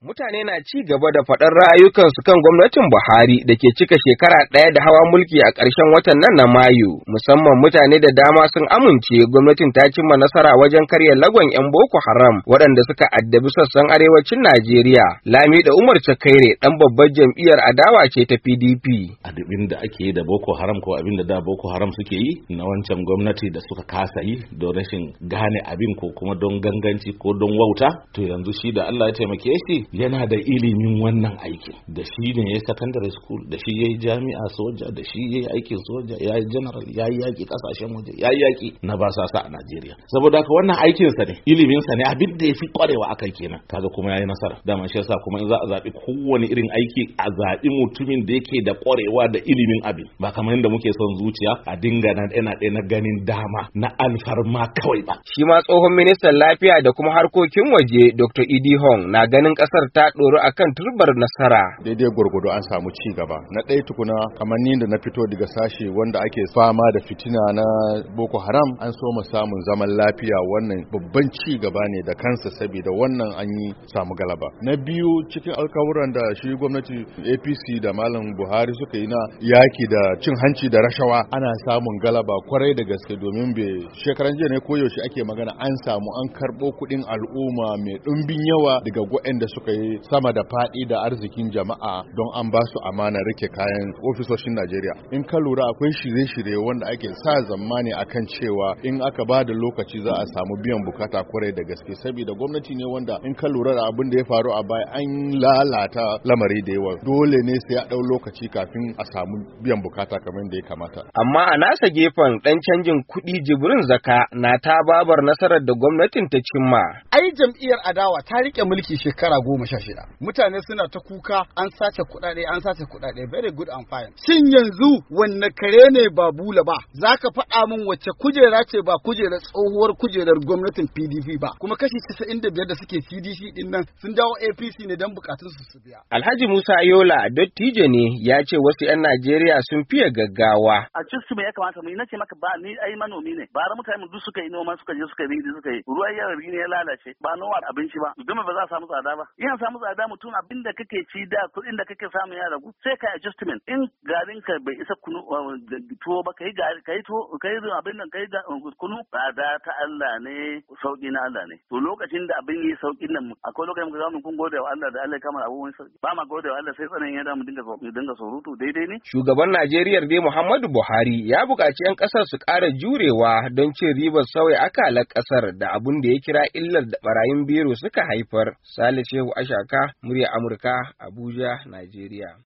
Mutane na ci gaba da faɗar ra'ayukansu kan gwamnatin Buhari da ke cika shekara ɗaya da hawa mulki a ƙarshen watan nan na Mayu, musamman mutane da dama sun amince gwamnatin ta cimma nasara wajen karya lagon 'yan Boko Haram waɗanda suka addabi sassan arewacin Najeriya. Lami da Umar Cakaire ɗan babbar jam'iyyar adawa ce ta PDP. Abin da ake yi da Boko Haram ko abin da da Boko Haram suke yi na wancan gwamnati da suka kasa yi don rashin gane abin ko kuma don ganganci ko don wauta to yanzu shi da Allah ya taimake shi yana da ilimin wannan aikin da shi ne ya secondary school da shi ya yi jami'a soja da shi ya yi aikin soja ya yi general ya yi yaƙi ƙasashen waje ya yi yaƙi na basasa a Najeriya saboda haka wannan aikinsa ne iliminsa ne abin da ya fi ƙwarewa akai kenan kaga kuma ya yi nasara dama shi yasa kuma in za a zaɓi kowane irin aiki a zaɓi mutumin da yake da ƙwarewa da ilimin abin ba kamar yadda muke son zuciya a dinga na ɗaya ɗaya na ganin dama na alfarma kawai ba. Shi ma tsohon ministan lafiya da kuma harkokin waje Dr. Idi Hong na ganin ƙasar ƙasar ta a akan turbar nasara. Daidai gwargwado an samu ci gaba. Na ɗaya tukuna kamar ni da na fito daga sashe wanda ake fama da fitina na Boko Haram an so mu samun zaman lafiya wannan babban ci gaba ne da kansa saboda wannan an yi samu galaba. Na biyu cikin alkawuran da shi gwamnati APC da Malam Buhari suka yi na yaki da cin hanci da rashawa ana samun galaba kwarai da gaske domin bai shekaran jiya ne koyaushe ake magana an samu an karɓo kuɗin al'umma mai ɗumbin yawa daga waɗanda suka suka sama da faɗi da arzikin jama'a don an ba su amana rike kayan ofisoshin Najeriya. In ka lura akwai shirye-shirye wanda ake sa zamani akan cewa in aka ba da lokaci za a samu biyan bukata kwarai da gaske saboda gwamnati ne wanda in ka lura da abin da ya faru a baya an lalata lamari da yawa dole ne sai ya ɗau lokaci kafin a samu biyan bukata kamar da ya kamata. Amma a nasa gefen ɗan canjin kuɗi jibrin zaka na ta babar nasarar da gwamnatin ta cimma. Ai jam'iyyar adawa ta riƙe mulki shekara goma. goma sha shida mutane suna ta kuka an sace kuɗaɗe an sace kuɗaɗe very good and fine shin yanzu wanne kare ne ba bula ba Za ka faɗa min wacce kujera ce ba kujerar tsohuwar kujerar gwamnatin PDP ba kuma kashi 95 da suke CDC ɗin nan sun dawo APC ne don bukatun su su biya Alhaji Musa Ayola dattijo ne ya ce wasu 'yan Najeriya sun fiye gaggawa a cikin me ya kamata mu yi nace maka ba ni ai manomi ne ba mutane duk suka yi noma suka je suka yi suka yi ruwa ya rabi ne ya lalace ba nowa abinci ba duma ba za a samu tsada ba ya samu tsada mutum abin da kake ci da kuɗin da kake samu ya ragu sai ka adjustment in garin ka bai isa kunu uh, tuwo ba kai gari kai tuwo kai abin nan kai uh, kunu tsada ta Allah ne sauki na Allah ne to lokacin da abin yi sauki nan akwai lokacin da mun kun gode wa Allah da Allah ya kamar abubuwan sauki ba ma gode wa Allah sai tsanan ya mu dinga dinga surutu daidai ne shugaban Najeriya dai Muhammadu Buhari ya buƙaci 'yan ƙasar su ƙara jurewa don cin ribar sauya akalar ƙasar da abin da ya kira illar da barayin biro suka haifar Salisu Ashaka, murya Amurka, Abuja, Najeriya.